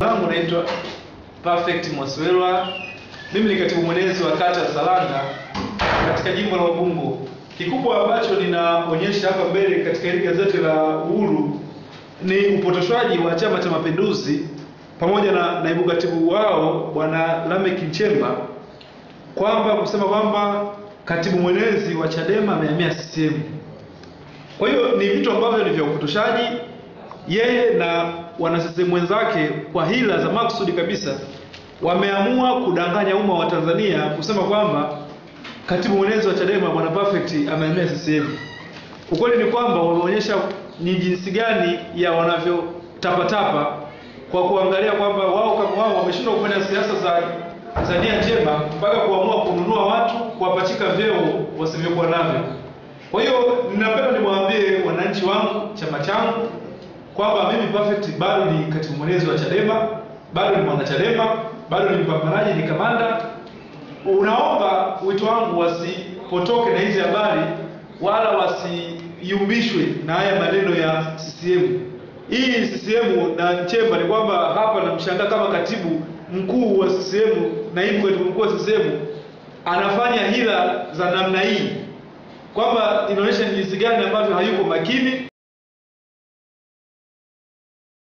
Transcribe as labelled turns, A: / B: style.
A: Langu naitwa Perfect Mwaswelwa. Mimi ni katibu mwenezi wa kata ya Saranga katika jimbo la Ubungo. Kikubwa ambacho ninaonyesha hapa mbele katika hili gazeti la Uhuru ni upotoshwaji wa Chama cha Mapinduzi pamoja na naibu katibu wao Bwana Lameck Nchemba kwamba kusema kwamba katibu mwenezi wa Chadema amehamia CCM. Kwa hiyo ni vitu ambavyo ni vya upotoshaji yeye na wanasesemu wenzake kwa hila za maksudi kabisa wameamua kudanganya umma wa Tanzania kusema kwamba katibu mwenezi wa Chadema Bwana Perfect amehamia CCM. Ukweli ni kwamba wameonyesha ni jinsi gani ya wanavyotapatapa kwa kuangalia kwamba wao kama wao wameshindwa kufanya siasa za Tanzania njema mpaka kuamua kununua watu kuwapachika vyeo wasivyokuwa navyo. Kwa hiyo ninapenda nimwambie wananchi wangu, chama changu kwamba mimi Perfect bado ni katibu mwenezi wa Chadema, bado ni mwanachadema, bado ni mpambanaji, ni kamanda. Unaomba wito wangu wasipotoke na hizi habari wala wasiyumbishwe na haya maneno ya CCM. Hii CCM na Nchemba ni kwamba hapa namshangaa kama katibu mkuu wa CCM na hivi katibu mkuu wa CCM anafanya hila za namna hii, kwamba inaonyesha ni jinsi gani ambavyo hayuko makini.